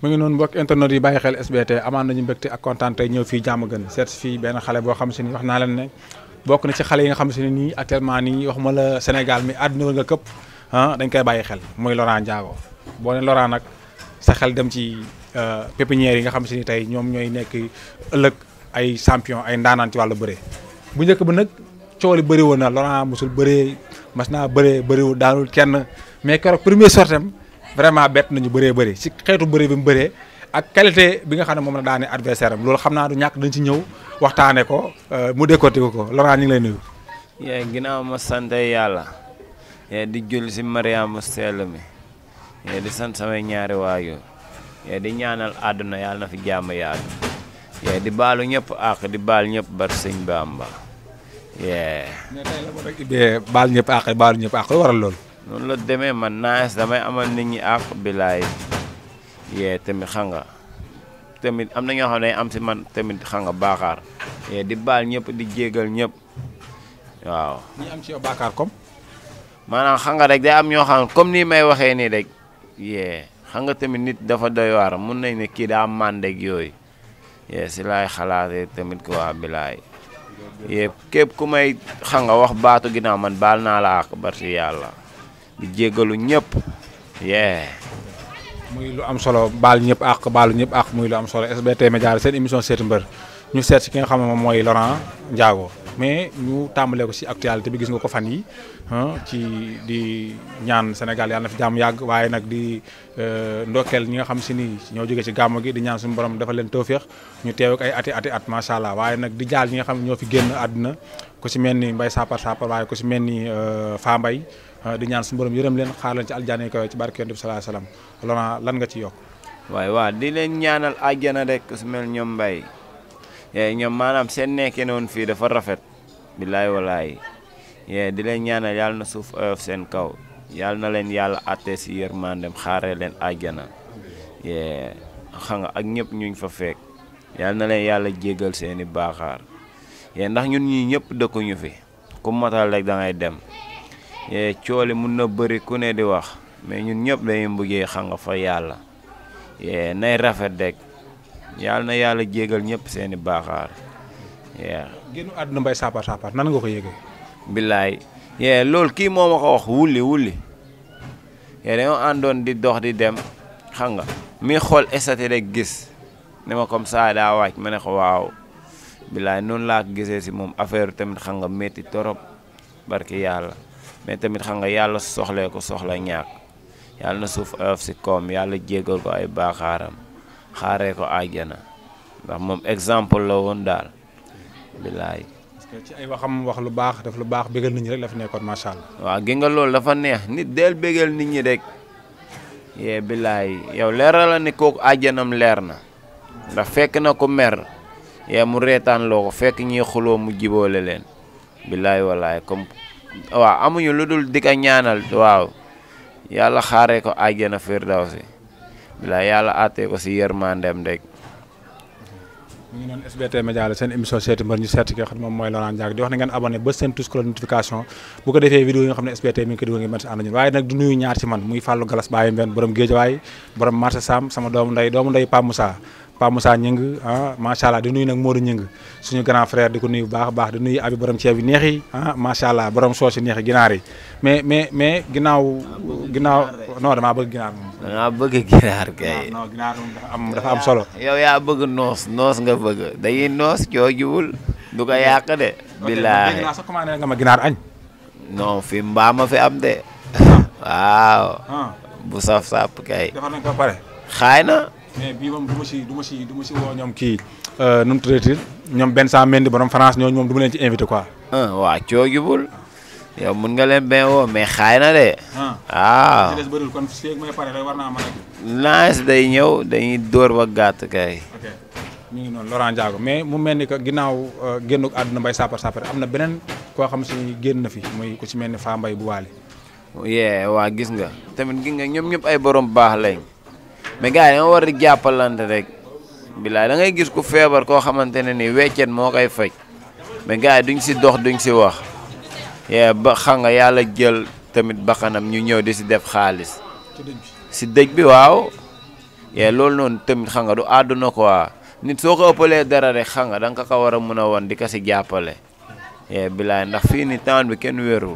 mu ngi noonu mbokk internet yi bàyyi xel SBT amaan nañu mbégte ak kontaan tey ñëw fii jàmm gën seet fii benn xale boo xam si ni wax naa leen ne bokk na ci xale yi nga xam si ne nii actuellement nii waxuma la Sénégal mi àdduna war nga këpp ah dañ koy bàyyi xel muy Laurent Ndiago boo ne Laurent nag sa xel dem ci euh, pépinière yi nga xam si ni tey ñoom ñooy nekk ëllëg ay champion ay ndaanaan ci wàllu bëree bu njëkk bi nag coow li bëri woon na Laurent mosul bëree mas naa bëree bëriwul daanul kenn mais keroog premier vraiment bett nañu bëree bëri si xeetu bëri bi mu bëree ak qualité bi nga xam ne moom la daane adversaire am loolu xam naa du ñàkk dañ ci ñëw waxtaane ko euh, mu décorté ko Laurent ñu ngi lay nuyu. yaa ginnaaw ma sant yàlla di jul si Mariama sell mi di sant samay ñaari waajur di ñaanal àdduna yàlla na fi jàmm yaatu di baalu ñëpp àq di baal ñëpp bar sëñ Bamba. mais tey la ko rek baalu ñëpp àq lu waral loolu. noonu la demee man naas damay amal nit ñi àq bilaay yee tamit xam nga tamit am na ñoo xam ne am si man tamit xam nga baakaar yee di baal ñëpp di jégal ñépp waaw. ñi am si yow baakaar comme. maanaam xam nga rek day am ñoo xam comme nii may waxee nii rek yee xam nga tamit nit dafa doy waar mun nañ ne kii daa màndeeg yooyu yee si laay xalaatee tamit quoi bilaay. yee képp ku may xam nga wax baatu ginnaaw man baal naa la àq bar si yàlla. di jéggalu ñëpp yee muy lu am solo baal ñëpp àq baalu ñëpp àq muy lu am solo SBT Média seen émission seeti mbër ñu seet si ki nga moom mooy Laurent Ndiago mais ñu tàmbalee ko si actualité bi gis nga ko fan yi ci di ñaan Sénégal yàlla na fi jàmm yàgg waaye nag di euh, ndokkeel ñi nga xam si ni ñoo jógee ci gàmmu gi di ñaan suñu borom dafa leen tawféex ñu teew ak ay ati ati at macha allah waaye nag di jaal ñi nga xam ñoo fi génn àdduna ku si mel ni Mbaye Sapar Sapar waaye ku si mel ni euh, Fa Mbaye Ah, di ñaan suñu borom yërëm leen xaar ci aljana yi kawe ci barke yonent bi sallallahu alayhi ah, lan nga ci yokk waaye waa di leen ñaanal àjjana rek su mel ñoom mbay yee ñoom maanaam seen nekkee noonu fii dafa rafet billaay walaay yee di leen ñaanal yàlla na suuf oyof seen kaw yàlla na leen yàlla àtte si yërmandem xaare leen àjjana yee xam nga ak ñëpp ñuñ fa fekk yàlla na leen yàlla jéggal seeni baaxaar yee ndax ñun ñii ñëpp dëkkuñu fi ku matal rek da dem Eh, cooli mun na bëri ku ne di wax mais ñun ñëpp dañuy mbuggee xam nga fa yàlla eh, nay rafet rek yàlla na yàlla jégal ñëpp seeni baaxaar waaw. génn àdduna mbay saapar nga ko yëgee. kii moom ma ko wax wulli wulli dañoo àndoon di dox di dem xam nga mi xool estati rek gis ne ma comme ça daa wàcc ma ne ko waaw billaay noonu laa gisee si moom affaire tamit xanga nga torop barki yàlla. mais tamit xam nga yàlla soxlee ko soxla ñàkk yàlla na suuf oyof si koom yàlla jéggal ko ay baaxaaram xaare ko àjjana ndax moom exemple la woon daal bilaay ci ay waxam wax lu baax def lu baax bégal nit ñi rek nekkoon macha allah. waaw nga loolu dafa neex nit del bégal nit ñi rek yee bilaay yow leeral la ne kooku àjjanam leer na ndax fekk na ko mer yee mu reetaan loo ko fekk ñuy xuloo mu jiboole leen bilaay walaay comme waaw amuñu lu dul di ko ñaanal waaw yàlla xaaree ko àjjana firdawsi bila yàlla àttee ko si yërmandeem rek. ñu ngi noonu SBT Média la seen émission seeti mbër ñu seeti ki xam moom mooy Laurent Ndiago di wax ne ngeen abonné ba seen tous cloche notification bu ko defee vidéo yi nga xam ne SBT mi ngi ko dugal ngeen mën si ànd ñun waaye nag du nuyu ñaar ci man muy Fallou Galas Baye Mbène borom Géejawaay borom marché Sam sama doomu nday doomu Pape Moussa Gningue ah macha allah di nuyu nag Modou suñu grand frère di ko nuyu baax baax di nuyu abi borom ceeb yi neex yi ah macha borom soos yi neex yi mais mais mais ginnaaw. ginnaaw non damaa bëgg ginaar moom. da bëgg ginaar kay. Ah, dafa am solo. yow yaa bëgg noos noos nga bëgg dañuy noos coojuwul du ko yàq de. billaahi dégg ginaar añ. non fi mbaama fi am de. Ah. waaw. Ah. bu saf kay. xaay na. mais bii moom du ma si du ma si du woo ñoom kii euh, nu mu tuddati ñoom benn saa mel ni borom France ñooñu moom du ma leen ci invité quoi. Ah, waa coogibul yow mun nga leen benn woo mais xaay na de. waaw ah. ah. li si day ñëw dañuy dóor ba gàtt kay. ok ngi noonu Laurent Ndiago mais mu mel ni que ginnaaw euh, génn àdduna mbay saapar saapar am na beneen koo xam si génn na fi muy ku ci mel ni Fa Mbay bu waale. yee waa gis nga tamit gi nga ñoom ñëpp ay borom baax lañ. mais gars yi da war di jàppalante rek bilaay dangay gis ku feebar koo xamante ne ni weccet moo koy faj mais gars yi duñ si dox duñ si wax yee ba xam nga yàlla jël tamit bakkanam ñu ñëw di si def xaalis si dëj bi waaw yee loolu noonu tamit xam nga du àdduna quoi nit soo ko ëppalee dara rek xam nga da nga ko war a mën a woon di ko si jàppale yee bilaay ndax fii ni temps bi kenn wérul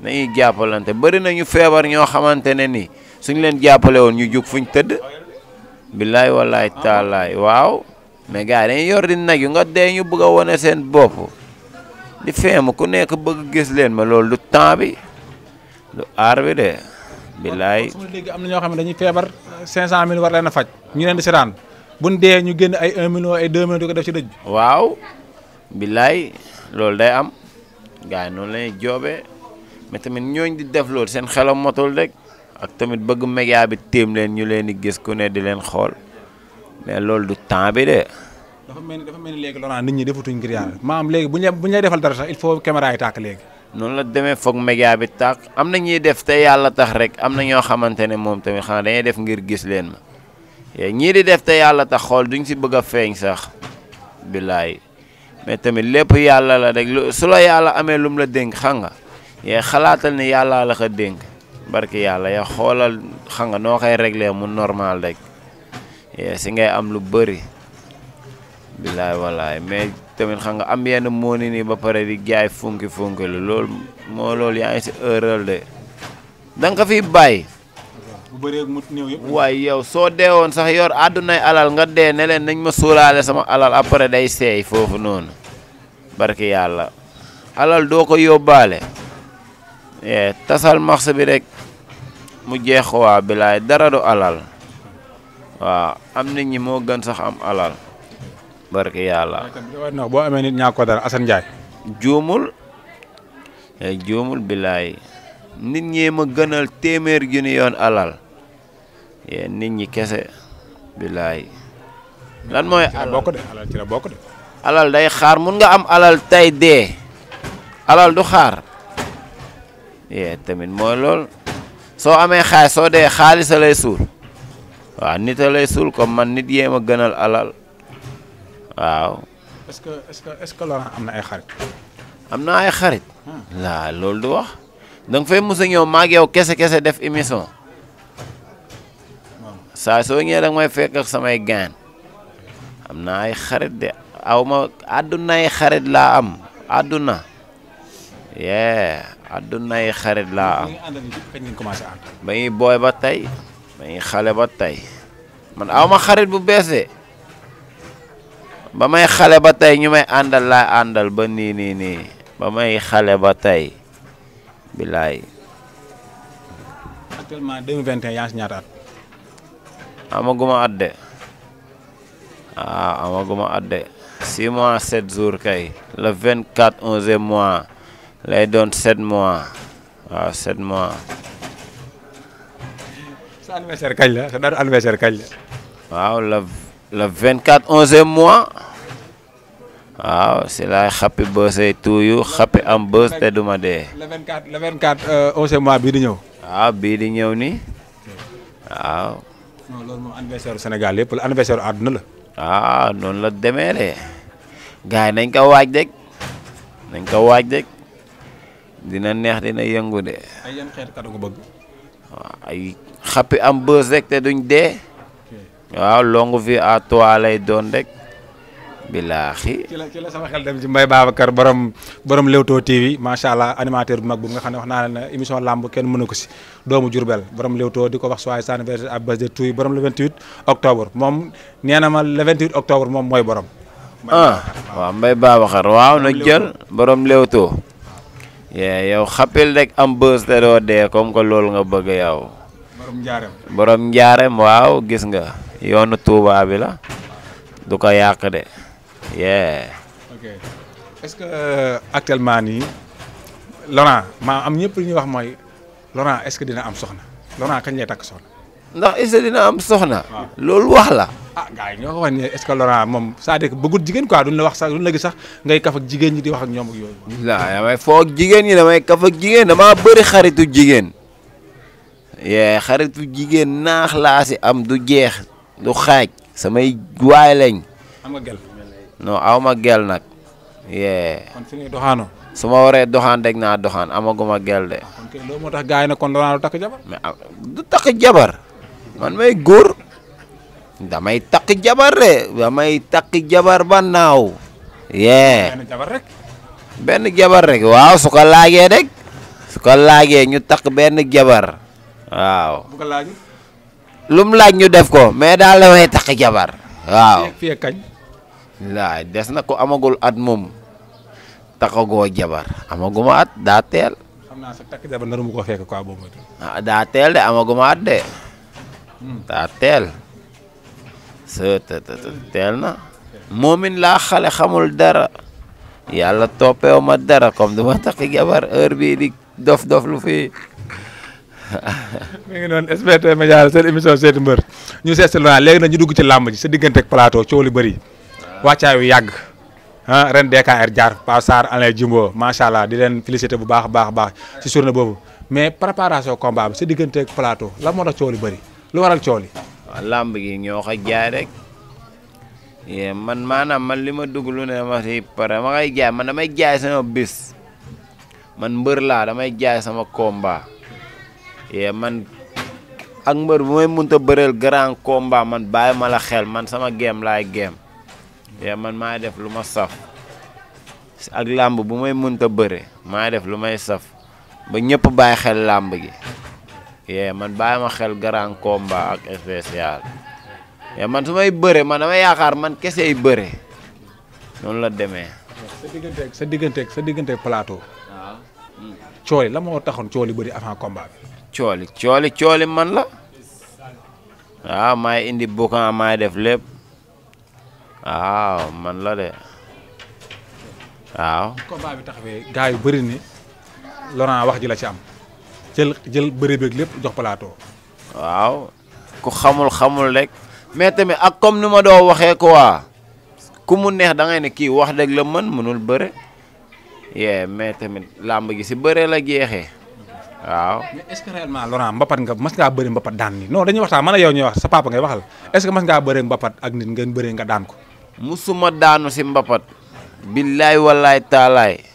nañuy jàppalante bëri nañu feebar ñoo xamante ni suñ leen jàppale woon ñu jug fuñ tëdd billaay wallaay taalaay waaw mais gars yi dañuy yor di nag yu nga dee ñu bëgg a wane seen bopp di feem ku nekk bëgg gis leen ma lool du temps bi du aar bi de billaay su ma dégg am na ñoo xam ne dañuy feebar 500000 war leen a faj ñu leen di bu buñ dee ñu génn ay 1 million ay 2 ko def ci waaw billaay loolu day am gars yi noonu lañuy joobe mais tamit ñooñ di def loolu seen xelam motul rek ak tamit bëgg média bi téem leen ñu leen di gis ku ne di leen xool mais loolu du temps bi de. dafa mel ni dafa mel ni léegi Laurent nit ñi defatuñ ngir yàlla maam léegi bu ñu bu ñu lay defal dara sax il faut caméra noonu la demee foog média bi tàkk am na ñuy def te yàlla tax rek am na ñoo xamante ne moom tamit xanaa dañuy def ngir gis leen ma eh, ñii di def te yàlla tax xool duñ si bëgg a feeñ sax billaay mais tamit lépp yàlla la rek su la yàlla amee lum la dénk xam nga yee eh, xalaatal ni yàlla la ko dénk. barki yàlla ya xoolal xam nga noo koy régler mu normal rek eh, si ngay am lu bari bilaay walaay mais tamit xam nga am yenn moo nii ba pare di jaay funki funki lu loolu moo loolu yaa ngi si erreur de da fiy bàyyi. bu bëree waaye yow soo deewoon sax yor àddunay alal nga dee ne leen nañ ma suulaale sama alal après day seey foofu noonu barki yàlla alal doo ko yóbbaale. Eh, tasal marché bi rek mu jeex ko waa bilaay dara du alal waaw am nit ñi moo gën sax am alal barki yàlla. boo amee nit ñaa ko dara Assane Ndiaye. juumul eh, juumul nit ñee ma gënal téeméer gi yoon alal yéen nit ñi kese bilaay lan mooy. alal day xaar mun nga am alal tey dee alal du xaar yee tamit mooy lool. soo amee xaalis soo dee xaalis a lay suul waaw nit a lay suul comme man nit yéem a gënal alal waaw. est-ce que est-ce que est-ce que Laurent am na ay xarit. am na ay xarit. Hmm. waaw loolu du wax da nga fay mos a ñëw maag yow kese kese def émission hmm. saa soo ñëwee da nga may fekk ak samay gaan am na ay xarit de aw ma àdduna ay xarit laa am àdduna yeah. àddunay xarit laa am ba ñuy booy ba tey ba ñuy xale ba tey man aw ma xarit bu bees ba may xale ba tey ñu may àndal laa àndal ba nii nii ba may xale ba tey bilaay. actuellement 2021 yaa ngi si ñaata at. amaguma at de ah amaguma at de 6 mois 7 jours kay le 24 11e mois. lay doon sept mois waaw sept mois. sa anniversaire kañ la sa date anniversaire kañ la. waaw la la vingt quatre onzième mois waaw si laay happy birthday to you am birthday te duma dee. le vingt quatre le euh, mois bii di ñëw. waaw bii di ñëw ni waaw. non yëpp la anniversaire àdduna la. waaw ah, noonu la demee de gars yi nañ ko waaj rek nañ ko waaj rek. dina neex dina yëngu de. ay yan xeet waaw ay xappi am bës rek te duñ dee. waaw longue vie à toi lay doon rek. bilaahi ci la ci la sama xel dem ci borom borom Leewtoo TV macha allah animateur bi mag bu nga xam ne wax naa émission lamb kenn mënu ko si doomu Diourbel borom Leewtoo di ko wax soit sa anniversaire à base de tuy borom le 28 octobre moom nee na ma le octobre moom mooy borom. ah waaw Mbaye Babacar waaw na jël borom Leewtoo. yee yow xappil rek am bës te doo dee comme que loolu nga bëgg yow borom njaarem borom waaw gis nga yoonu Touba bi la du ko yàq de yee est-ce que euh, actuellement nii Laurent maa am ñëpp li ñuy wax mooy Laurent est-ce que dina am soxna Laurent kañ lay takk soxna ndax Isa dina am soxna. loolu wax la. ah gars yi moom cest à jigéen quoi duñ wax sax duñ sax ngay kaf ak jigéen ñi di wax ak ñoom ak yooyu. waaw damay foog jigéen ñi damay kaf ak jigéen damaa bëri xaritu jigéen. yee xaritu jigéen naax laa si am du jeex du xaaj. samay waay lañ. am nga gel. ma gel nag. yee. kon fi su ma waree doxaan rek naa doxaan amaguma gel de. Ah, moo tax gars kon Laurent du takk jabar. Ah, man may góor damay takk jabar de damay takk jabar ba naaw. yee benn jabar rek. waaw su ko laagee rek su ko laagee ñu takk benn jabar waaw. bu laaj. ñu def ko mais daal damay takk jabar. waaw fii des na ko amagul at moom takkagoo jabar amaguma at daa teel. xam naa sax takk jabar naru mu ko fekk quoi boobu. ah daa teel de. daa teel sa teel na moomin laa xale xamul dara yàlla toppeewu ma dara comme du ma takki jabar heure bii di dof dof lu fii mi ngi noonu SBT Média seen émission seeti mbër ñu seet si lu léegi nag ñu dugg ci làmb ji sa digganteek ak plateau coow li bëri ah. wàccaay yu yàgg ah ren jaar Pa Sarr Alain Jimbo macha allah di leen félicité bu baax a baax baax si journée boobu mais préparation combat bi sa diggante palaato plateau la moo tax coow lu waral coow li. waaw làmb gi ñoo ko jaay rek man maanaam man li ma dugg lu ne ma si pare ma ngay jaay man damay jaay sama bis man mbër laa damay jaay sama combat man ak mbër bu may mënta bëreel grand combat man bàyyi ma la xel man sama géem laay géem man maa def lu ma saf ak làmb bu may mënta bëre maa def lu may saf ba ñëpp bàyyi xel làmb gi. yee man bàyyi ma xel grand combat ak spécial yee man su may man dama yaakaar man kese ay bëre noonu la demee. sa digganteek sa digganteeg sa digganteeg cooli moo taxoon cooli bëri cooli man la. waaw maay indi boucan maay def lépp waaw man la de waaw. combat yu bëri ni Laurent wax ji la ci am. jël jël bëre beeg lépp jox plateau. waaw ku xamul xamul rek mais tamit ak comme ni ma doo waxee ko quoi ku mu neex da ne kii wax dëgg la mën mënul bëre yee mais tamit làmb gi si bëre la jeexee waaw. mais est ce que réellement nga mas ngaa bëri mbapat daan nii non dañuy waxtaan man a yow ñuy wax sa papa ngay waxal est ce que mas ngaa bëree mbapat ak nit ngeen bëree nga daan ko. musuma daanu si mbappat billaay wallaay taalaay.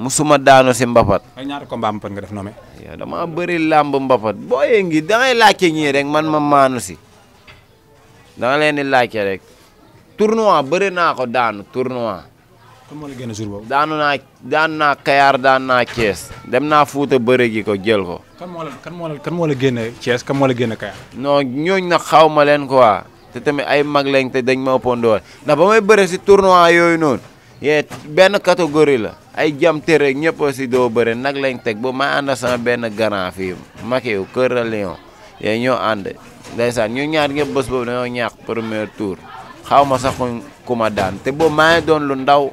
musuma daanu si mbapat. ay ñaari combat mbapat nga def noome. yow dama bëri làmb mbapat booyee ngi da ngay laajte ñii rek man ma maanu si da nga leen di rek tournoi bëri naa ko daanu tournoi. comme moo la daanu naa daanu naa Kayar daanu naa Thiès. dem naa Fuuta bëri gi ko jël ko. kan moo la kan moo la kan moo la génne Thiès kan moo la génne xaw ma leen quoi te tamit ay mag lañ te dañ ma ëppoon doole ndax ba may bëri si tournoi yooyu noonu. yee benn catégorie la ay jam tere ñëpp si doo bëre nag lañ teg ba ma ànd sama benn garant fii Makiou Kër Lion yee ñoo ànd ndeysaan ñu ñaar ñëpp bés boobu dañoo ñaax xaw ma sax ku te boobu maa ngi doon lu ndaw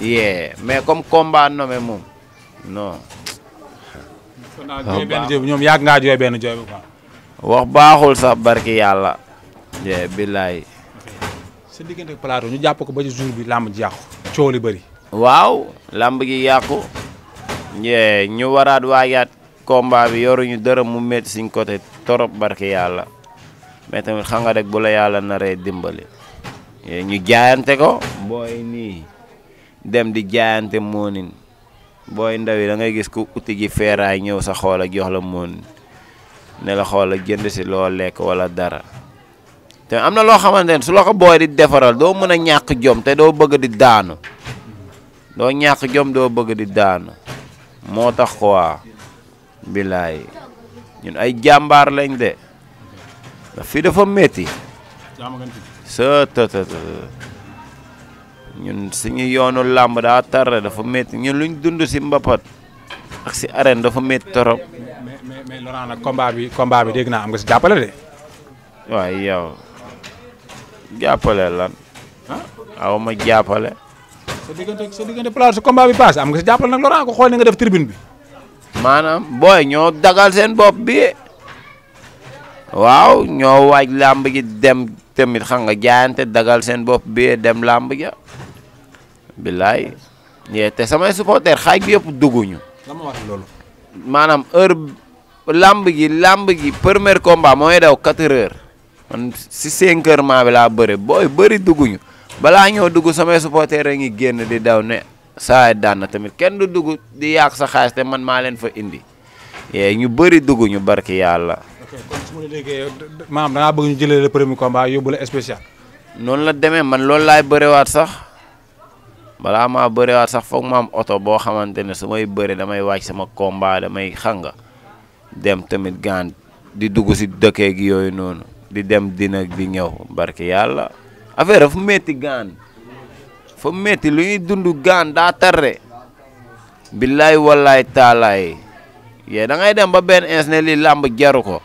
yee mais comme combat benn jooy bu ñoom yàgg ngaa benn jooy bu baax. wax baaxul sax barki yàlla. yee billaay. sa diggante plateau ñu jàpp ko ba ci jour bi làmb ji yàqu. coow li bëri. waaw làmb gi yàqu. ñu waraat waajaat combat bi yoruñu dërëm mu métti suñ côté torop barki yàlla mais tamit xam nga rek bu la yàlla naree dimbali. ñu jaayante ko. booy nii dem di jaayante moonin booy ndaw dangay gis ku uti ji feeraay ñëw sa xool ak jox la moonin ne la xool ak jënd si loo lekk wala dara. te am na loo xamante ne su la ko booy di defaral doo mën a ñàkk jom te doo bëgg di daanu doo ñàkk jom doo bëgg di daanu moo tax ko quoi billaay ñun ay jàmbaar lañ de ndax fii dafa metti sa tëtë ñun suñu yoonu làmb daa tarre dafa metti ñun luñ dund si mbapat ak si arène dafa metti torop mais mais bi combat naa am nga si jàppale de. jàppale lan. aw ma jàppale. sa diggante sa diggante place combat bi passé am nga si jàppale nag Laurent ko xool ni nga def tribune bi. maanaam booy ñoo dagal seen bopp bi waaw ñoo waaj làmb ji dem tamit xam nga jaayante dagal seen bopp bi dem làmb ja billaay yee te samay supporter xaaj bi yëpp dugguñu la ma wax loolu maanaam heure gi làmb gi premier combat mooy daw quatre heures man si cinq heures maa bi laa bëri booy bëri dugguñu balaa ñoo dugg samay supporters a ngi génn di daw ne saa daan na tamit kenn du dugg di yàq sa xaalis te man maa leen fa indi yee eh, ñu bari duggu ñu barki yàlla. ok kon su ma la déggee maam bëgg ñu jëlee le premier combat yóbbu noonu la demee man loolu laay bëriwaat sax balaa maa bëriwaat sax foog ma am oto boo xamante ne su may bëri damay wàcc sama combat damay xanga dem tamit gaan di dugg si dëkkee gi yooyu noonu. di dem dina di ñëw barke yàlla affaire dafa metti gaan fa metti lu ñuy dund gaan daa tarre billaay wallaay taalaay yee da ngay dem ba benn ins ne li làmb jaru ko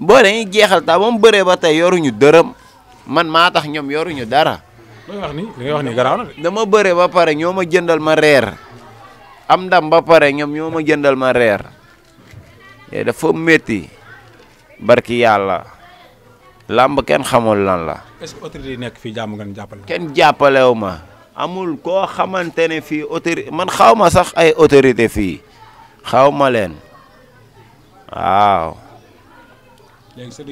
boo dañuy jeexal ta ba mu bëree ba tey yoruñu dërëm man maa tax ñoom yoruñu dara. li nga wax ni li bëre ba pare ñoo ma jëndal ma reer am ndam ba pare ñoom ñoo ma jëndal ma reer dafa metti barki yàlla. làmb kenn xamul lan la. est-ce que autorité nekk fii jàmm ngeen jàppale. kenn jàppalewu ma amul koo xamante ne fii autorité man xaw ma sax ay autorité fii xaw ma leen waaw. léegi sa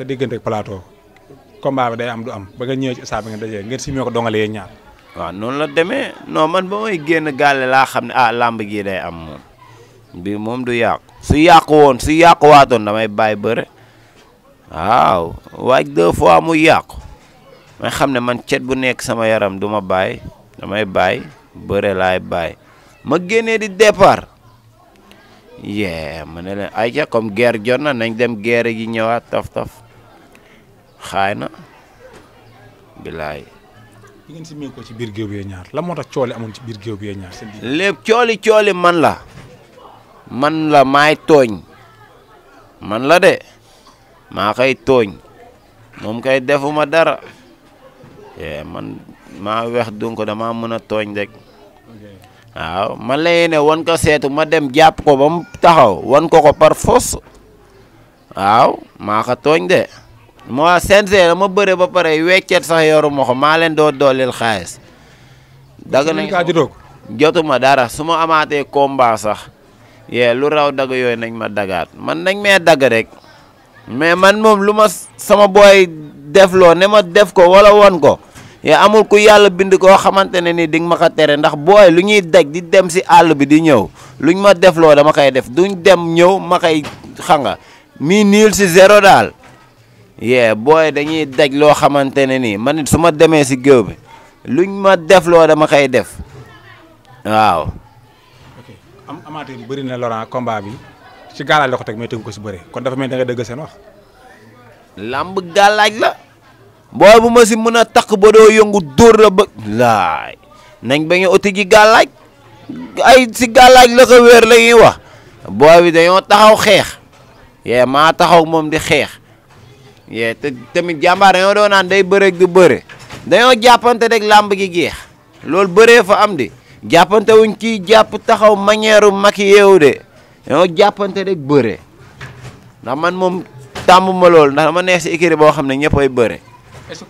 sa diggante ak plateau combat am du am ba nga ñëwee ci stade bi nga dajee ko dongalee ñaar. waaw noonu la demee non man ba may génn gaale laa xam ne ah làmb gi day am moom bi moom du yàq su yàqu woon su yàquwaatoon damay bàyyi bëre. waaw waaj deux fois mu yàqu may xam ne man cet bu nekk sama yaram duma baay bàyyi damay bàyyi bëre laay bàyyi ma génnee di départ yee ma ne leen ay ca comme guerre jot na nañ dem guerre gi ñëwaat taf taf xaay na bilaay bi si mee ci biir géew bi ñaar la moo tax cooli ci biir géew bi ñaar seen cooli man la man la may tooñ man la de maa koy tooñ moom kay defuma dara man maa weex donc dama mën a tooñ rek waaw man la yéene wan ko seetu ma dem jàpp ko ba mu taxaw wan ko ko par force waaw maa ko tooñ de moo sensee ma bëre ba pare weccet sax yoruma ko maa leen doo dooleel xaalis dagg nañ ko jotuma dara su ma amaatee combat sax yee lu raw dagg yooyu nañ ma dagaat man nañ mee dagg rek mais man moom lu ma sama booy defloo ne ma def ko wala won ko ya amul ku yàlla bind koo xamante ne ni di nga ma ko tere ndax booy lu ñuy daj di dem si àll bi di ñëw luñ ma defloo dama koy def duñ dem ñëw ma koy xanga mi niil si zéro daal dañuy daj loo xamante ne nii man it demee si géew bi luñ ma defloo dama koy def waaw. am amateur yi bëri na Laurent combat bi. ci gaalaaj la ko teg mais tegu ko si bëre kon dafa mel da nga dëgg seen wax. làmb gaalaaj la. booy bu ma si mën a takk ba doo yëngu dóor la ba. laay nañ bañ a uti ji gaalaaj ay si gaalaaj la ko wéer la wax. booy bi dañoo taxaw xeex. yee maa taxaw moom di xeex. yee tamit jàmbaar dañoo doon naan day bëre du bëre. dañoo jàppante rek làmb gi geex loolu bëree fa am di. jàppante wuñ ciy jàpp taxaw manière u mag yeewu de. dañoo jàppante rek bëre ndax man moom tàmbu ma loolu ndax dama neex si écurie boo xam ne ñëpp ay bëre. est-ce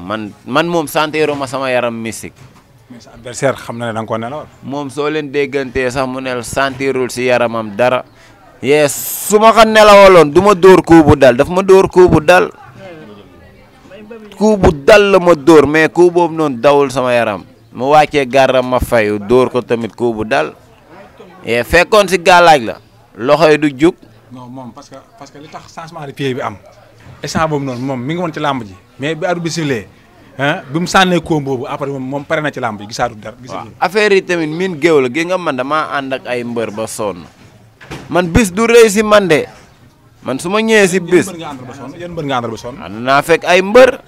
man man moom santeeru ma sama yaram mystique. mais xam na ne da nga moom soo leen déggantee sax mu nel santirul si yaramam dara. yee su ma ko nelawaloon du ma dóor coup dal dafa ma dóor coup dal. coup dal la ma dóor mais coup boobu noonu dawul sama yaram. mu wàccee garam ma fayu dóor ko tamit coup dal. Eh, fekkoon si gàllaaj la loxo yi du jug. non moom parce que parce que li tax changement de bi am instant boobu noonu moom mi ngi woon ci làmb ji mais bi arbitre bi sifflee bi mu sànnee koom boobu après moom moom pare na ci làmb ji gisaatu dara. waaw affaire yi tamit miin géew la gi nga man damaa ànd ak ay mbër ba sonn man bis du rëy si man de man su ma ñëwee si bis. yéen ba sonn yéen mbër nga àndal ba naa fekk ay mbër.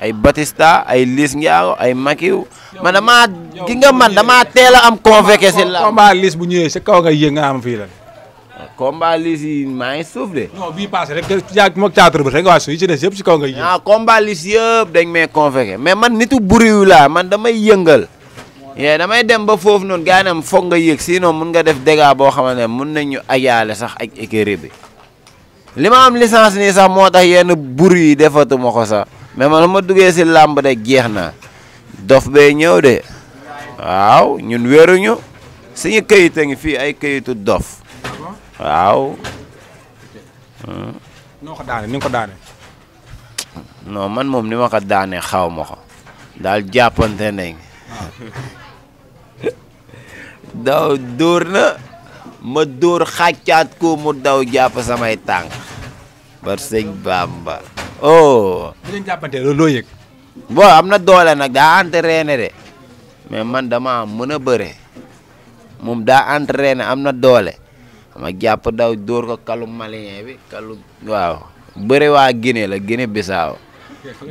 ay Batista ay Liss Ndiago ay Makiw man damaa gi nga man dama teel am convoqué si la combat Liss bu ñëwee sa kaw nga am fii lan yi maa ngi suuf de non bii passé rek yàgg bi ci si kaw nga yëg ah combat Liss dañ may convoqué mais man nitu buriwu laa man damay yëngal yee damay dem ba foofu noonu gaa nam foog nga yëg sinon mun nga def dégâts boo xamante ne mun ñu ajaale sax ak écurie bi li ma am licence nii sax moo tax yenn buri yi defatuma ko sax mais man ma duggee si làmb de jeex na dof bee ñëw de waaw ñun wéruñu suñu këyit a ngi fii ay kayitu dof waaw. Hmm. noo ko daane ni man moom ni ma ko daane xaw ma ko daal jàppante nañ daw dóor na ma dóor xàccaat ko daw jàpp samay tànk bar sëñ oh. bu am na doole nag daa entraîné de mais man dama mën a bëre moom daa entraîné am na doole ma jàpp daw dóor ko kalu malien bi kalu. bëre waa Guinée la Guinée Bissau.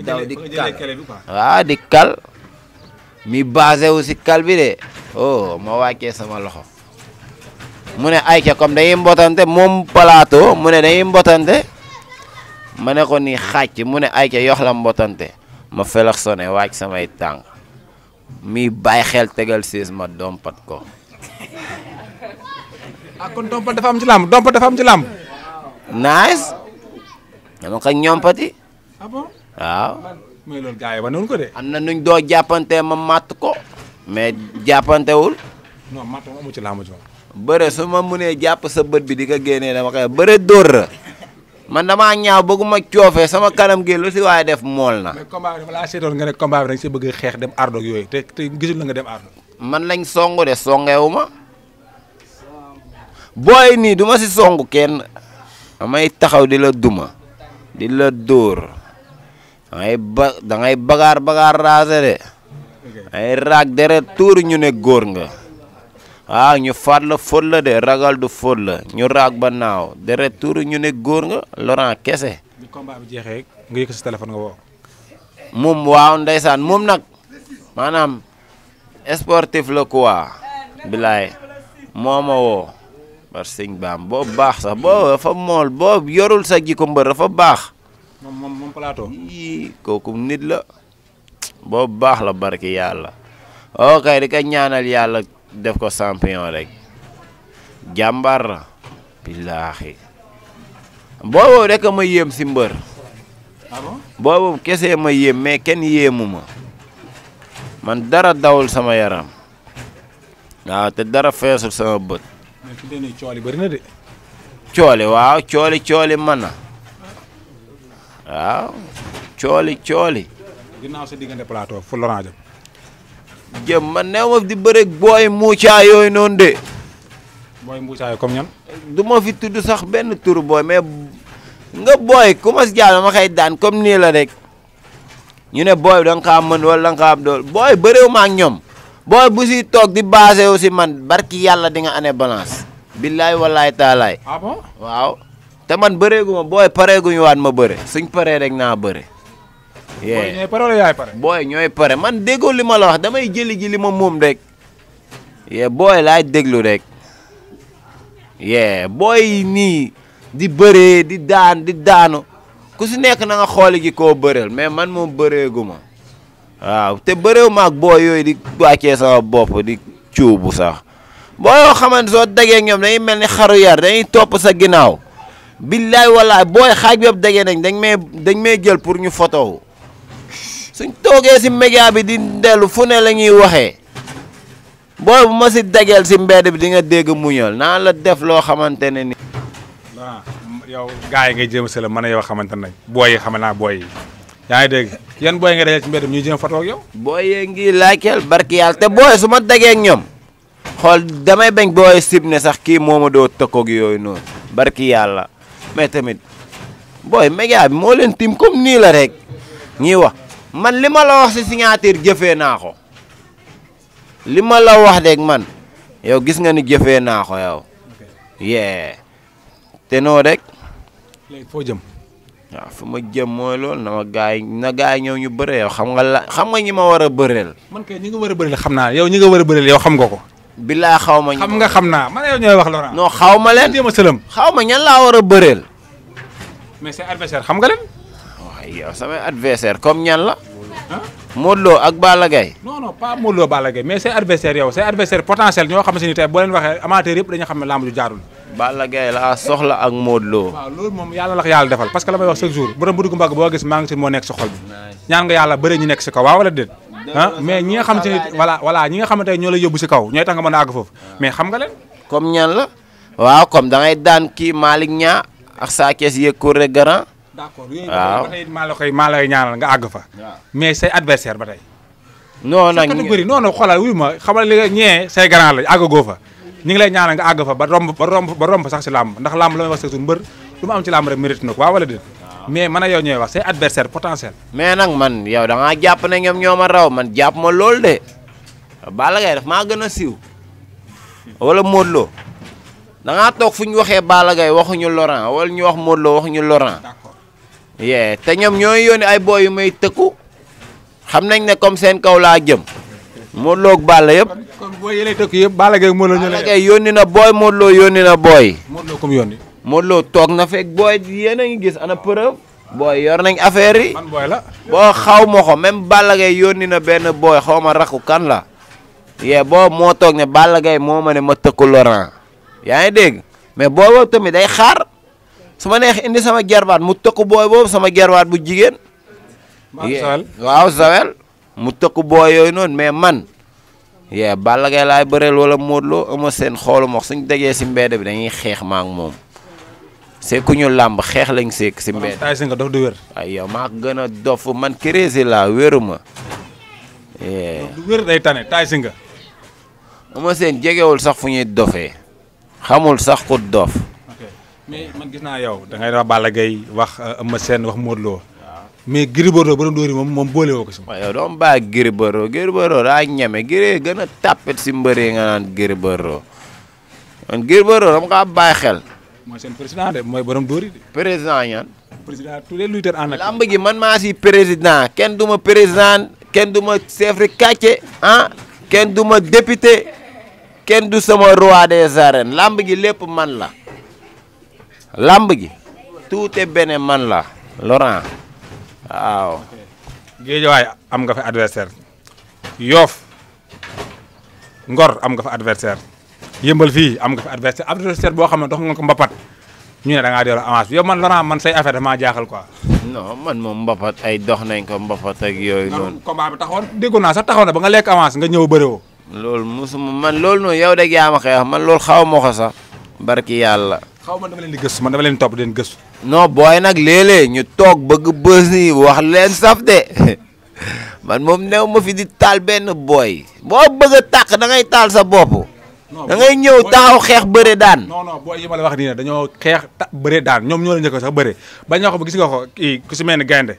daw di kal waaw di kal. mi basé wusi si bi de oh ma wàccee sama loxo. mu ne ayca comme dañuy mbotante moom plateau mu ne dañuy mbotante. ma ne ko nii xàcc mu ne ay ca yox la mbotante ma felax sone waaj samay tàng mi bàyyi xel tegal siis ma dompat ko. Ah, kon dompat dafa am ci làmb dompat dafa am ci làmb. nice. dama ko ñompati. ah bon waaw. mooy ko de. na nuñ doo jàppante ma màtt ko. mais jàppantewul. non màtt ci làmb ci bëre su ma mënee jàpp sa bët bi di ko génne dama koy bëre dóor man damaa ñaaw bëgguma coofee sama kanam gi lu si waaye def mool na. mais combat bi dama laa seetoon yooyu te te gisul nga dem ardo. man lañ songu de songewu ma booy nii duma si songu kenn damay taxaw di la duma di la dóor dangay ba dangay bagaar bagaar raase de. ay raag deret tuur ñu ne góor nga. ah ñu faat la fóot la de ragal du foot la ñu raag ba naaw de ñu ne góor nga Laurent kese. bi jeexee nga yëkk nga woo. waaw ndeysaan moom nag maanaam sportif la quoi. bilaay moo ma woo. baam boobu baax sax boobu dafa mool boobu yorul sa jikko mbër dafa baax. moom moom nit la. boobu baax la barki yàlla. ok di ko ñaanal yàlla. def ko champion rek jàmbaar la billaahi boobu rek ma yéem si mbër ah boobu kese ma yéem mais kenn yéemu ma man dara dawul sama yaram waaw te dara feesul sama bët cooli bëri na de cooli waaw cooli cooli mën waaw cooli cooli jëm man néew ma di bëreeg booy muucaa yooyu noonu de. booy muucaa yooyu comme ñan. du ma fi tudd sax benn turu booy mais nga booy ku ma si jàll ma xëy daan comme nii la rek ñu ne booy da nga kaa mën wala da nga kaa dool booy bëreew ma ak ñoom booy bu si toog di basé wu si man barki yàlla di nga ane balance. billaay walaay taalaay. ah waaw. te man bëreegu ma booy pareeguñu waat ma bëre suñ paree rek naa bëre. booy ñooy pare booy ñooy pare man déggoo li ma la wax damay jëli ji li ma moom rek. yee booy laay déglu rek. yee booy nii di bëree di daan di daanu ku si nekk na nga xooli ji koo bëreel mais man moom bëreeguma ma. waaw te bëreew ma ak booy yooyu di wàccee sama bopp di cuubu sax boo yoo xamante soo dagee ñoom dañuy mel ni xaru yar dañuy topp sa ginnaaw. billaay walaay booy xaaj bi yëpp nañ dañ may dañ may jël pour ñu fotow suñ toogee si média bi di dellu fu ne la ñuy waxee booy bu ma si degeel si mbedd bi di nga dégg muñal naa la def loo xamante ne ni. waaw yow gars yi ngay jéem a sële a yow xamante ne booy yi xam naa booy yi yaa ngi dégg yan booy nga dajal ci mbedd bi ñuy jéem photo ak yow. booy yee ngi laajteel barki yàlla te booy su ma ñoom xool damay bañ booy sib ne sax kii moo ma doo tëkkoog yooyu noonu barki yàlla mais tamit booy média bi moo leen tim comme nii la rek ñuy wax. man li ma la wax si signature jëfee naa ko li ma la wax deg man yow gis nga ni jëfee naa ko yow yee te noo rek foo jëm waaw fu ma jëm mooy loolu na ma gaay na gaay ñëw ñu bëre yow xam nga la xam nga ñi ma war a bëreel man kay ñi nga war a bëreel xam naa yow ñi nga war a bëreel xam nga ko bilaa xaw ma xam nga xam naa man yow ñooy wax Laurent non xaw ma leen xaw ma ñan laa war a bëreel mais c'est adversaire xam nga leen yow samay adversaire comme ñan la. Modou Lo ak Balla mais say adversaire yow say adversaire potentiel ñoo xam ne ni tey boo waxee amateur yëpp dañu xam ne lamb ju jaarul. Balla Gaye soxla ak Modou Lo. waaw la ko defal parce que la may wax chaque jour bu dugg mbagg boo gis maa si nekk si bi ñaan nga yàlla bëre ñu nekk si kaw waaw wala déet. Ah, mais ñi xam te ne voilà ñi nga xamante ne ñoo lay yóbbu si kaw ñooy tax nga mën a àgg foofu ah. mais xam d'accord yooyu ba tey maa la koy maa lay ñaanal nga àgg fa. mais say adversaire ba tey. non nag catégorie non non xoolal wuyu ma xamal li nga ñee say grand la àggagoo fa. ñu ngi lay ñaanal nga àgg fa ba romb ba romb ba romb sax si làmb ndax làmb la may wax sax suñu mbër lu mu am ci làmb rek mérite na ko waaw wala déet. mais man a yow ñooy wax say adversaire potentiel. mais nag man yow da ngaa jàpp ne ñoom ñoo ma raw man jàpp ma lool de. Balla Gaye maa gën a siw wala Modou Lo. da toog fu ñu waxee Balla Gaye waxuñu Laurent wala ñu wax Modou Lo waxuñu Laurent. yee te ñoom ñooy yónni ay booy yu may tëkku xam nañ ne comme seen kaw laa jëm Modou Lo ak Balla yëpp. kon booy yële tëkk yëpp Balla Gaye Modou Lo ñu lay yónni na booy Modou Lo na booy. Modou Lo comme yónni. Modou toog na fekk booy yéen a ngi gis ana preuve. booy yor nañ affaire yi. man boo xaw ma ko même Balla gay yónni na benn booy xaw ma rakku kan la. yee boobu moo toog ne Balla Gaye moo ma ne ma tëkku Laurent. yaa ngi dégg mais boobu tamit day xaar. su ma neex indi sama gerbaat mu tëkk booy boobu sama gerbaat bu jigéen. waaw Zawel mu tëkk booy yooyu noonu mais man. yee Balla Gaye laay bëreel wala Modou ama seen xoolu mox suñ degee si mbedd bi dañuy xeex ma ak moom seeku ñu làmb xeex lañ seek si mbedd nga dof du wér ay yow maa gën a dof man crési laa wéru ma du wér day tane taay si nga ama seen jegewul sax fu ñuy dofee xamul sax ku dof ma gis naa yow da ngay wax Balla wax euh, Eumeu Sène wax Modou mais Gris Bordeaux ba moom moom boole woo ko si moom. yow doo baa Gris Bordeaux nga naan Gris Bordeaux man Gris président mooy borom dóori de. président ñaan. président tous lamb gi man maa si président kenn du ma président kenn du ma chef de quartier ah kenn du ma député kenn du sama roi des arènes lamb gi lépp man la. làmb ji tout est benn man la Laurent waaw géejawaay am nga fa adversaire yoof ngor am nga fa adversaire yëmbal fii am nga fa adversaire adversaire boo xam ne dox nga ko mbapat ñu ne da ngaa delloo avance bi man Laurent man say affaire damaa jaaxal quoi non man moom mbapat ay dox nañ ko mbapat ak yooyu noonu combat bi taxoon déggoon naa sax taxoon na ba nga lekk avance nga ñëw bëréwoo loolu mosuma man loolu noonu yow deg yaa man lool xaw ma ko sax barki yàlla xaw ma dafa leen di gëstu man dama leen topp di leen gëstu. non booy nag léeg-léeg ñu toog bëgg bës ni wax leen saf de man moom new ma fi di taal benn booy boo bëgg a tàq da taal sa bopp. da ngay ñëw taaw xeex bëre daan. non non booy yi ma la wax nii dañoo xeex ta bëre daan ñoom ñoo la njëkk sax bëre ba ko gis nga ko kii ku si mel ni gaynde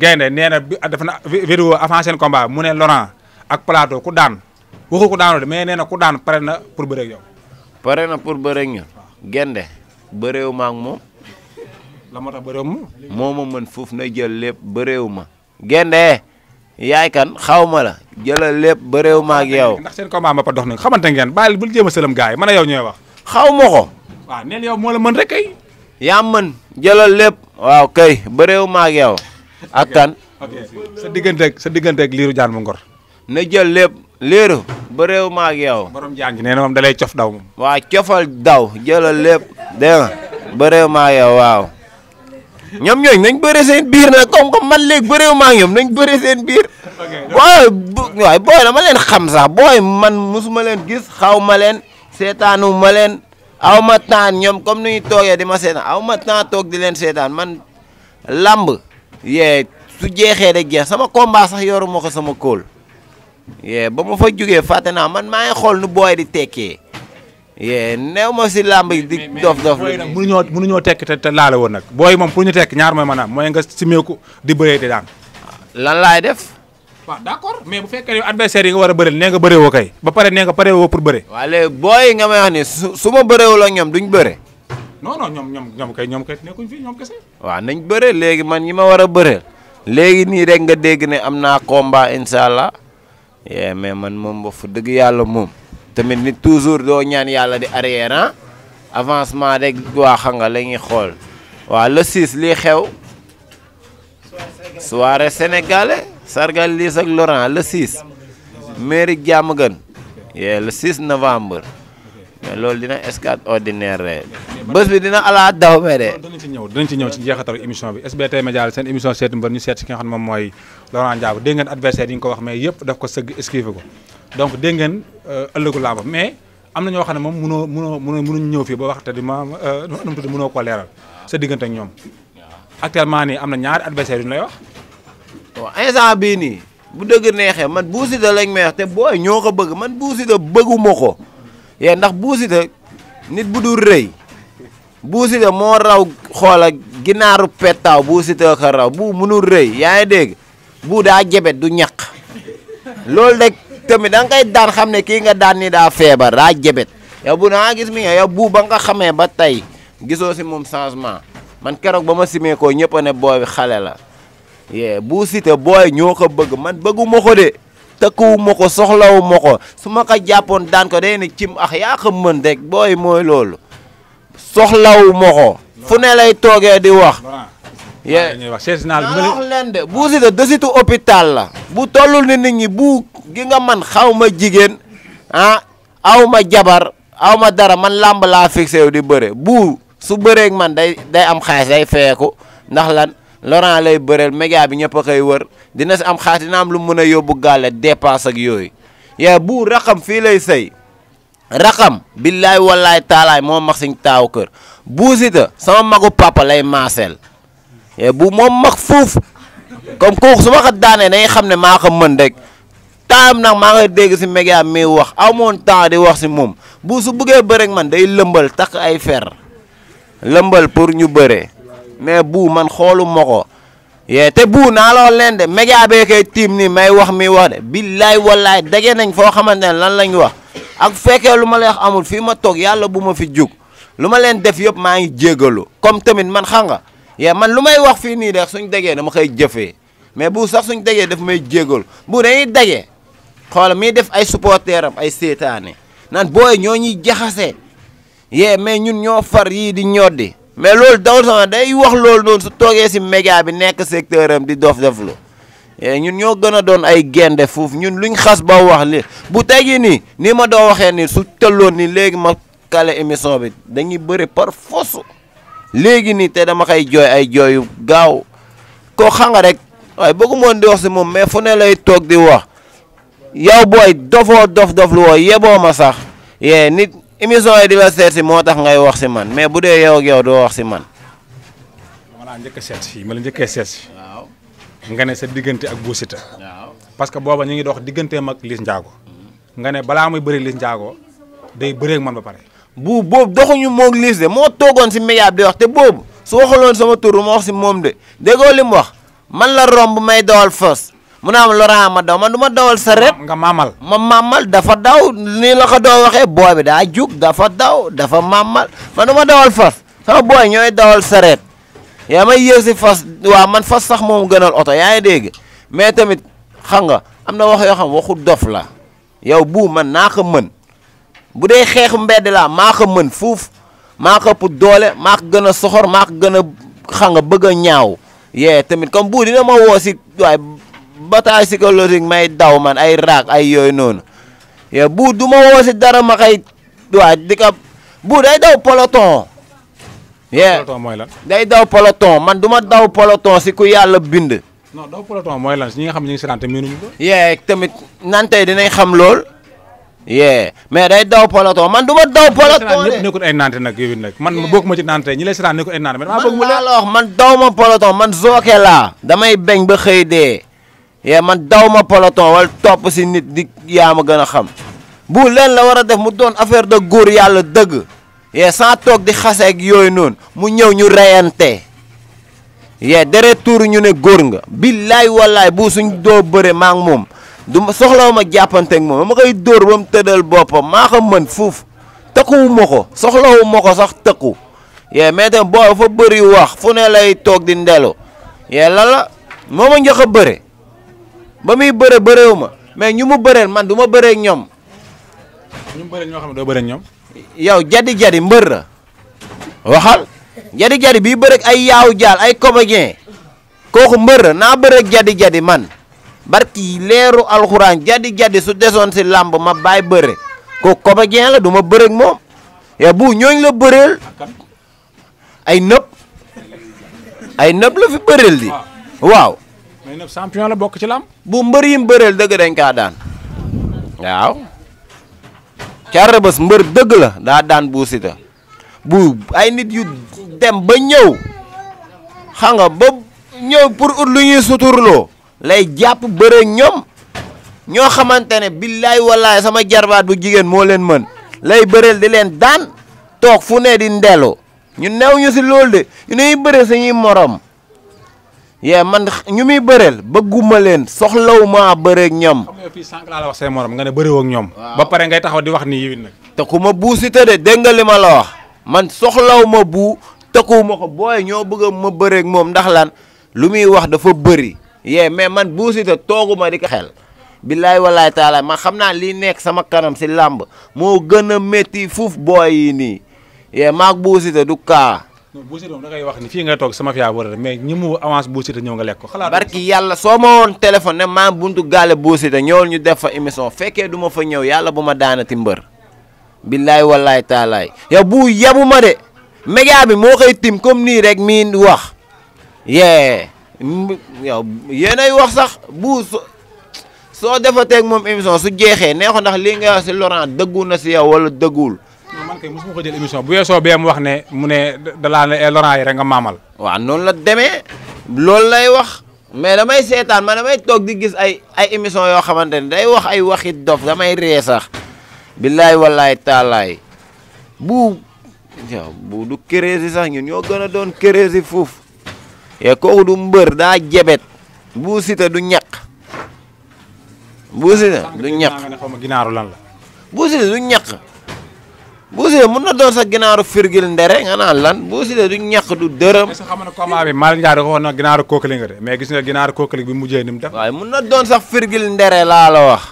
gaynde nee na dafa na vidéo avant seen combat mu ne Laurent ak plateau ku daan waxu ku daanoo de mais nee na ku daan pare na pour bëre ak yow. na pour bëre ak gende bëréew ma ak moom. la moo tax bëréew mën foofu na jël lépp bëréew ma. gende yaay kan xaw ma la jëlal lépp bëréew ma ak yow. seen combat ma pa dox nañ xamante ngeen bàyyil bul jéem a sëlëm gars yi man a yow ñooy wax. xaw ma ko. waaw neel yow moo la mën rek kay. yaa mën jëlal lépp. waaw kay bëréew ma ak yow. ak kan. sa diggante ak sa diggante ak liiru jaan mu ngor. na jël lépp. liiru barew réew ma ak yow. da lay daw moom. waaw cofal daw jëlal lépp dégg yow waaw. ñoom ñooñu nañ bëre seen biir na comme comme man le bëreewu maa ngi nañ bëre seen biir. booy waay booy dama leen xam sax booy man musuma leen gis xaw ma leen seetaanu ma leen aw ma temps ñoom comme ni ñu toogee di ma seetaan aw ma temps toog di leen seetaan man làmb yee su jeexee da jeex sama combat sax yoruma ko sama kool yee ba ma fa jógee fàtte naa man maa ngi xool nu booy di tekkee yee néew ma si làmb yi di dof dof la nag mënuñoo mënuñoo tekk te te laale woon nag booy moom pour ñu tekk ñaar mooy maanaam mooy nga simeeku di bëree di daan lan laay def waa d'accord mais bu fekkee yow adversaire yi nga war a bëreel nee nga bëree woo kay ba pare nee nga pare woo pour bëre waaw léegi booy nga may su ma bëreewul ak ñoom duñ bëre ñoom ñoom ñoom kay ñoom kay nekkuñ fii waaw nañ bëre léegi man ñi ma war a bëreel léegi nii rek nga dégg ne am naa komba incha yee mais man moom ba fu dëgg yàlla moom tamit nit toujours doo ñaan yàlla di arrière ah. avancement rek waa xam nga la ñuy xool waaw le 6 lii xew soirée sénégalais sargal Liss ak Laurent le 6 mairie Diamaguène yee le 6 novembre mais loolu dina escate ordinaire rek. bés bi dina ala daw mee de. dinañ ci ñëw dinañ ci ñëw ci jeexatalu émission bi SBT Média seen émission seetu mbër ñu seet si ki nga xam mooy Laurent Ndiago dégg ngeen adversaire yi ko wax mais yëpp daf ko sëgg esquivé ko donc dégg ngeen euh, ëllëgu làmb mais am na ñoo xam ne moom mënoo mënoo mënoo mënuñu ñëw fii ba wax te di ma euh, nu mu ko leeral sa diggante ñoom actuellement nii am na ñaari adversaire yu ñu lay wax. waaw instant bii nii bu dëgg neexee man Bou Siteu lañ may wax te booy ñoo bëgg man Bou Siteu bëgguma ko yee eh, ndax Bou Siteu nit bu dul rëy Bou Siteu moo raw xoola ginaaru pettaaw Bou Siteu ko raw bu mënul rëy yaa ngi dégg bu daa jebet du ñaq loolu rek tamit da nga koy daan xam ne kii nga daan ni daa feebar daa jebet yow bu naa gis mi yow bu ba nga xamee ba tey gisoo si moom changement man keroog ba ma simee koo ñëpp a ne booy bi xale la yee Bou Siteu booy ñoo ko bëgg man bëgguma ko de tëkkuwu ma ko soxlawu ko su ma ko jàppoon daan ko day ne cim ax yaa xam mën rek booy mooy loolu soxlawu ma fu ne lay toogee di wax yéen wax leen de bu si de desitu hôpital la bu tollul ni nit ñi bu gi nga man xaw ma jigéen ah aw ma jabar aw ma dara man làmb laa fixé di bëre bu su bëreek man day day am xaalis day feeku ndax lan Laurent lay bëreel média bi ñëpp a koy wër dina si am xaalis dina am lu mën a yóbbu gàlle dépense ak yooyu yaa bu raxam fii lay say raxam billaay wallaay taalaay moo max siñ taaw kër buusita sama magu papa lay maaseel yaa bu moom max fuuf comme kooku su ma daane daanee xam ne maa ko mën rek taam nag maa ngay dégg si média mi wax amoon temps di wax si moom bu su bëggee bëreek man day lëmbal takk ay fer lëmbal pour ñu bëree mais bu man xoolu ma ko yee eh, te bu naa lool leen de média bee koy tiim nii may wax mi wax de billaay wallaay daje nañ foo xamante ne lan lañ wax ak fekkee lu ma lay wax amul fii ma toog yàlla bu ma fi jug lu ma leen def yëpp maa ngi jégalu comme tamit man xam nga yee eh, man lu may wax fii nii de suñ degee dama koy jëfee mais bu sax suñ degee daf may jégalu bu dañuy daje xoola miy def ay supporter ay seetaane naan booy ñoo ñuy jaxase yee eh, mais ñun ñoo far yii di ñoddi mais loolu Dawson day wax loolu noonu su toogee si média bi nekk secteur am di dof dof lu eh, ñun ñoo gën a doon ay gende foofu ñun luñ xas ba wax li bu tey jii nii ni ma doo waxee nii su tëlloon nii léegi ma kale émission bi dañuy bëri par force léegi nii te dama koy jooy ay jooy yu gaaw koo xam rek waaye bëggu moon di wax si moom mais fu ne lay toog di wax yow booy dofoo dof dof lu woo yeboo ma sax yee eh, nit émission yi di la seet si moo tax ngay wax si man mais bu dee yow ak yow doo wax si man. njëkk a seet la njëkkee seet nga ne sa diggante ak Bou Siteu. waaw parce que booba ñu ngi dox digganteem ak Liss Ndiago. nga ne balaa muy bëri Liss Ndiago day bëree ak man ba pare. bu boobu doxuñu moog Liss de moo toogoon si média bi di wax te boobu su waxaloon sama tur ma wax si moom de déggoo li mu wax man la romb may dawal fas. mu naa am Laurent ma daw man du ma dawal sareet nga maamal ma maamal dafa daw nii la ko doo booy bi daa jug dafa daw dafa maamal ma du ma dawal fas sama booy ñooy dawal sareet yaa may yéeg fas waaw man fas sax moom gënal oto yaa ngi dégg mais tamit xam nga am na wax yoo xam waxu dof la yow bu man naa ko mën bu dee xeex mbedd laa maa ko mën fuuf maa ko ëpp doole maa ko gën a soxor maa ko gën a xam nga bëgg a ñaaw yee tamit comme buu dina ma woo si bataille psychologique may daw man ay raak ay yooyu noonu yow bu du ma dara ma kay waa di ka bu day daw peloton. peloton mooy lan day daw peloton man du ma daw peloton si ku yàlla bind. non daw peloton mooy lan ñi nga xam ne ngi si rente yee tamit nantey dinañ xam lool. yee mais day daw peloton man du ma daw peloton de. nekkul ay nante nag man bokk ma ci nante ñi lay si naan nekkul ay nante. man laa la wax man daw ma peloton man zooke laa. damay beñ ba xëy dee. yee man daw ma peloton topp si nit di yaam a gën a xam bu leen la war a def mu doon affaire de góor yàlla dëgg yee sans toog di xaseeg yooyu noonu mu ñëw ñu reyante yee deret tuuru ñu ne góor nga billaay wallaay bu suñ doo bëre maa moom du ma ma jàppanteeg moom ma koy dóor ba mu tëddal boppam maa ko mën fuuf tëkkuwu ko soxlawu ko sax tëkku yee mais tam boo fa bëri wax fu ne lay toog di ndelu yee lan la moo ma njëkk a bëre ba muy bëre bëreewu ma mais ñu mu bëreel man du ma bëree ñoom. ñu mu ñoo xam ne doo bëree ñoom. yow jadi jadi mbër la. waxal. jadi jadi bii bëreeg ay yaaw jaal ay comédien kooku mbër la naa bëreeg jadi jadi man barki leeru alxuraan jadi jadi su desoon si làmb ma bàyyi bëre kooku comédien la duma ma moom. yow bu ñooñ la bëreel ay nëb ay nëb la fi bëreel di ah. waaw. mais nag champion la bokk ci lam bu mbër yi mbëreel dëgg dañ kaa daan waaw ca mbër dëgg la daa daan Bou Siteu bu ay nit yu dem ba ñëw xam nga ba ñëw pour ut lu ñuy suturloo lay jàpp bëre ñoom ñoo xamante ne billaay wallaay sama jarbaat bu jigéen moo leen mën lay bëreel di leen daan toog fu ne di ndelo ñu new ñu si loolu de ñu ne ñuy bëre suñuy morom yee man ñu muy bëreel bëgguma leen soxlaw maa bëreeg ñoom. xam sànq laa la wax say morom nga ne bëriwoo ak ñoom. ba pare ngay taxaw di wax ni yiwit nag. te ku ma buu si tëddee dégg nga li ma la wax man soxlaw ma bu tëkkuw ko booy ñoo bëgg ma bëreeg moom ndax lan lu muy wax dafa bëri. yee mais man buu tooguma di ko xel. billaay walaay taalaay ma xam naa lii nekk sama kanam si làmb moo gën a métti fuuf booy yi nii yee maag buu du kaa. non Bou Siteu wax ni fii nga toog sama fiyaa war mais ñi mu avance Bou a ñëw nga lekk barki yàlla soo ma woon téléphone ne maam buntu gaale Bou Siteu ñëwal ñu def fa émission fekkee du ma fa ñëw yàlla bu ma daanati mbër billaay wallaay taalaay yaw bu yabu ma de média bi moo koy tim comme nii rek mii wax yee yow yéenay wax sax bu soo defateeg moom émission su jeexee neexoon ndax lii nga wax si Laurent dëggu na si yow wala dëggul man kay mosuma ko jël émission bu yeesoo bee mu wax ne mu ne dalaa ne eh, ay yi rek nga maamal. waa noonu la deme loolu lay wax mais damay seetaan ma damay toog di gis ay ay émission yoo xamante ne day wax ay waxit dof damay ree sax. billaay wallaay taalaay bu bu du kërési sax ñun ñoo gën a doon kërési foofu ye kooku du mbër daa jebet bu du ñaq bu sita du ñaq bu sita Boucher mun na doon sax ginaaru firgil ndere nga naan lan Boucher du ñàkk du dërëm. est-ce que xam nga combat bi Malick Ndiaye da ko wax na ginaaru kookali nga de mais gis nga ginaaru kookali bi mujjee ni mu def. waaye mun na doon sax firgil ndere laa la wax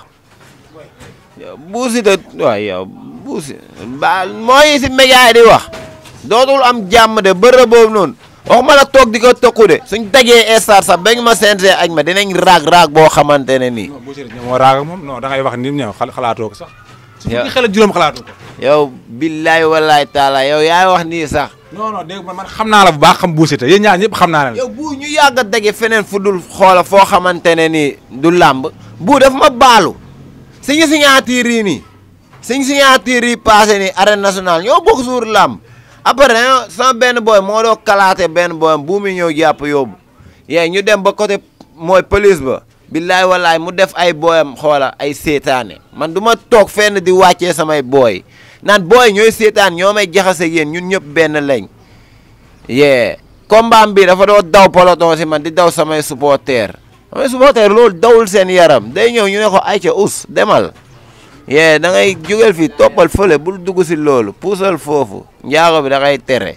Boucher de waaye yow Boucher ba mooy si média di wax dootul am jàmm de bërë boobu noonu. waxuma la toog di ko tokku de suñ dajee estar sa bañ ma sensee añ ma dinañ raag raag boo xamante ne nii. moo raag ak moom wax ni mu xalaatoo ko sax. su fukki xel ak juróom xalaatu ko yow billaay wallaay taala yow yaa wax ni sax non non man xam naa la bu baax xam buusita Siteu ñaar ñëpp xam naa la yow bu ñu yàgg a daje feneen fu dul xoola foo xamante ne nii du làmb buu daf ma baalu suñu signature yi nii suñu signature yi passé nii arène nationale ñoo bokk làmb après sama benn booy moo doo kalaate benn booyam bu muy ñëw jàpp yóbbu yeey ñu dem ba côté mooy police ba billaay wallaay mu def ay booyam xoola ay seetaane man du ma toog fenn di wàccee samay booy naan booy ñooy seetaan ñoo may jaxase yéen ñun ñëpp benn lañ yee combat bi dafa doo daw peloton si man di daw samay supporter samay supporter lool dawul seen yaram day ñëw ñu ne ko ayca us demal yee da ngay jógal fii toppal fële bul dugg si loolu puusal foofu njaago bi da ngay tere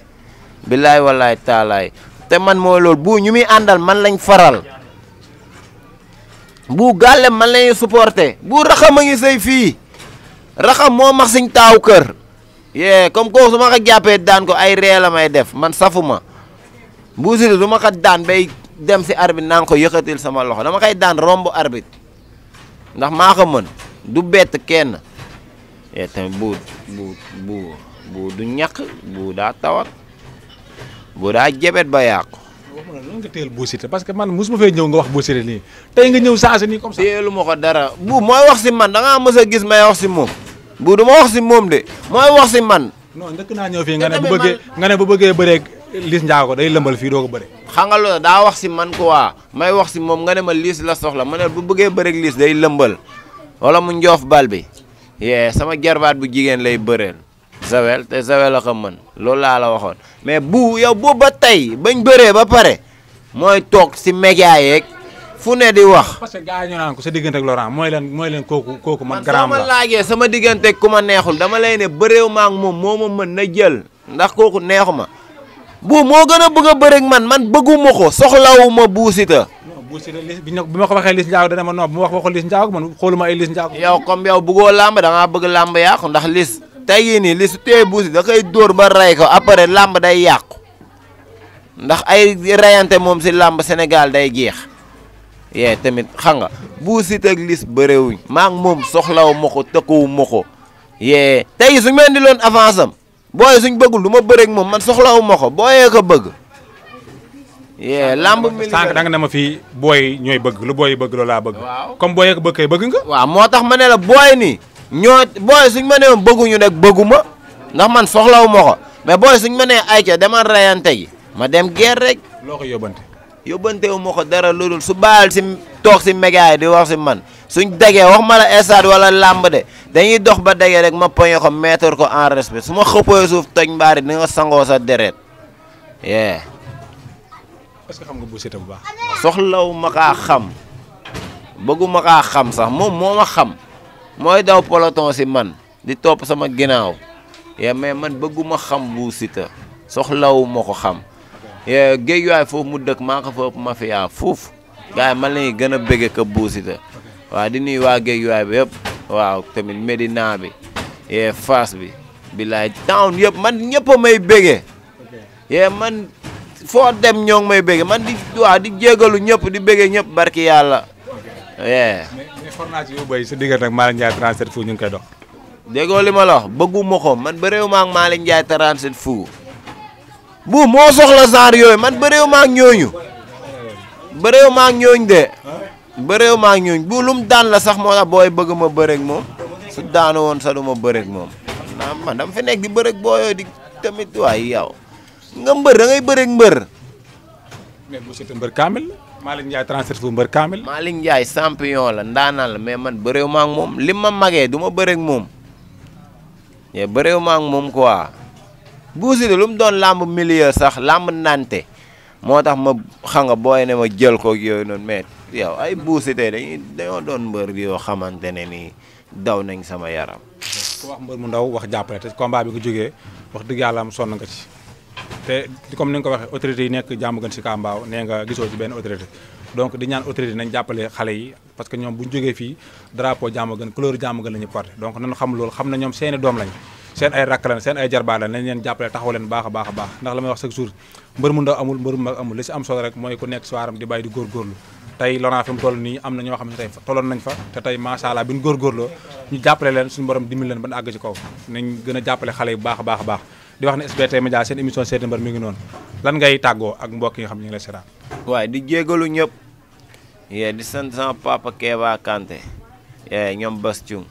billaay wallaay taalaay te man mooy loolu bu ñu muy àndal man lañ faral bu gàllem man lañuy supporter bu raxam a ngi sëy fii raxam moo max siñ taaw kër yee comme kooku su ma ko jàppee daan ko ay ree la may def man safuma Bou Siteu du ma ko daan bay dem si arbitre naa ko yëkkatil sama loxo dama kay daan romb arbitre ndax maa ko mën du bett kenn yee tamit bu du ñàkk bu daa tawat bu daa jebet ba yàqu wax ma lan nga parce que man mosuma fee ñëw nga wax Bou Siteu nii te nga ñëw saa si nii comme ça. ma ko dara bu mooy wax si man da ngaa a gis may wax si moom bu du ma wax si moom de mooy wax si man. non njëkk naa ñëw fii nga ne bu bëggee nga ne bu bëggee bëree Liss Ndiago day lëmbal fii doo ko bëre. xam daa wax si man quoi may wax si moom nga ne ma liis la soxla ma ne bu bëggee bëreeg Liss day lëmbal wala mu njoof bal bi yee sama jarbaat bu jigéen lay bëreel zawel te zawel la ko mën loolu laa la waxoon mais bu yow boobu ba tey bañ bëree ba pare mooy toog si média yeeg fu ne di wax. parce que gars sa diggante ak mooy leen mooy leen kooku kooku ma. garaam la man soo sama diggante ak ku ma neexul dama lay ne bëreew moom moo ma mën na jël ndax kooku neexu ma bu moo gën a bëgg a bëreeg man man bëgguma ko soxlawu ma buusita. buusita Liss bi ma ko waxee Liss Ndiago dana ma non bu wax waxul Liss Ndiago man xooluma ay Liss Ndiago. yow comme yow bëggoo làmb da bëgg làmb yàqu ndax tey jii nii li su tee buusi da koy dóor ba rey ko après làmb day yàqu ndax ay reyante moom si làmb Sénégal day jeex yee tamit xam nga buusi ak lis bëréwuñ maa moom soxla soxlawu ma ko tëkkuwu ma ko yee tey suñ ma indiloon avance am booy suñ bëggul du ma bëreeg moom man soxlawu ma ko booyee ko bëgg yee làmb mi sànq da ne ma fii booy ñooy bëgg lu booy bëgg loolu laa bëgg comme booyee ko bëgg kay bëgg nga waaw moo tax ma ne la booy nii ñoo booy suñ ma nee woon bëgguñu nag bëggu ma ndax man soxlawu ma ko mais booy suñ ma ay ca demal rayante ji ma dem guerre rek. loo ko yóbbante. yóbbante wu ma ko dara loolu su baal si toog si méga di wax si man suñ degee wax ma la stade wala làmb de dañuy dox ba degee rek ma poñe ko mettre ko en respect su ma xëppoo suuf toj mbaari di nga sangoo sa deret yee. est-ce que xam nga Bou Siteu bu baax. soxlawu ma kaa xam xam sax moom moo ma xam. mooy daw peloton si man di topp sama ginnaaw ye mais man bëgguma xam bu Siteu soxlawu ko xam géej waay foofu mu dëkk maa ko fa ëpp mafia foofu gars yi man lañuy gën a bëgge ka bu Siteu waaw di nuyu waa géej waay bi yëpp waaw tamit Médina bi yee Fass bi bilaay town yëpp man ñëpp a may bëggee yee man foo dem ñoo may bëggee man di waaw di jégalu ñëpp di bëggee ñëpp barki yàlla yee formation yu bëri sa diggante ak Malick ñu ngi koy dox. déggoo li ma la wax bëgguma ko man bëreewu ma ak Malick Ndiaye 37 fu moo soxla genre yooyu man bëreewu ma ak ñooñu bëreewu ma ak ñooñu de. bëreewu ma ak ñooñu lum daan la sax moo tax booy bëgg ma bëreeg moom su daanu woon sax du ma bëreeg moom xam naa man dama fi nekk di bëreeg booyoo di tamit waaye yow nga mbër da ngay bëreeg mbër. Malick Ndiaye 37 fu mbër kaamil. Malick Ndiaye champion la ndaanaan la mais man bëreew moom li ma magee duma ma bëreeg moom mais ma moom quoi. Boussy lu mu doon làmb milieu sax làmb nante moo tax ma xam nga booy ne ma jël ko yooyu noonu mais yow ay Boussy dañuy doon mbër yoo xamante ne nii daw nañ sama yaram. ku wax mbër mu ndaw wax jàppale te combat bi ko jógee wax dëgg yàlla am sonn nga ci. te comme ni nga ko waxee autorités yi nekk jàmm gën si Kambaaw nee nga gisoo ci benn autorité donc di ñaan autorité nañ jàppale xale yi parce que ñoom bu ñu jógee fii drapeau jàmm gën couleur jàmm gën la ñu porté donc nañu xam loolu xam na ñoom seeni doom lañ seen ay rakk lañ seen nañ a baax a baax ndax la may wax chaque mooy ku nekk si waaram di tey Lonase am na ñoo xam ne tey tolloon nañ fa te tey maasàllaa bi ñu góorgóorloo ñu jàppale leen suñu borom dimbali leen ba ñu àgg ci kaw nañ gën a jàppale xale yi baax a baax baax di wax ne SBT Média seen émission seeti mu mi ngi noonu lan ngay tàggoo ak mbokk yi nga xam ne ñu ngi waaye di jégalu ñëpp. di sant sama papa Kéba Kanté. ñoom Bas Thium.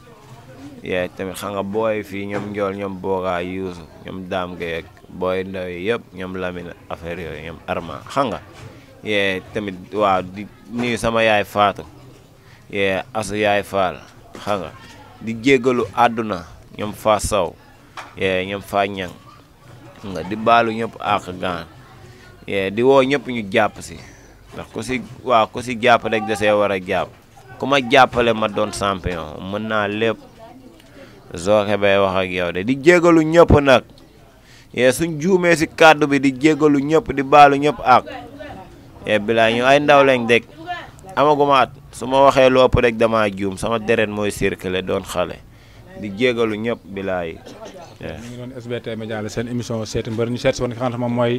tamit xam nga booy fii ñoom Ndiol ñoom Boga Youssou ñoom Dame Gueye affaire yooyu ñoom Arma xam nga. tamit waaw di nuyu sama yaay Fatou. asu yaay Fall xam di jégalu àdduna ñoom Fa Sow ñoom Fa Ñang nga di baalu ñëpp àq gaan di woo ñëpp ñu jàpp si ndax ku si waa ku si jàpp rek dasee war a jàpp ku ma jàppale ma doon champion mën naa lépp zooke bay wax ak de di jégalu ñëpp nag suñ juumee si kàddu bi di jégalu ñëpp di baalu ñëpp àq yee bilaay ñu ay ndaw lañ dek amaguma at su ma waxee lu ëpp rek dama juum sama deret mooy circulé doon xale di jégalu ñëpp bilaay ñu ngi doon SBT Média la seen émission seeti mbër ñu seet si woon ki nga xam ne moom mooy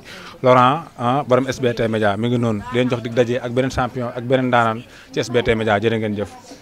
Laurent ah, borom SBT Média mi ngi noonu leen jox dig daje ak beneen champion ak beneen daanaan ci SBT Média jërë ngeen jëf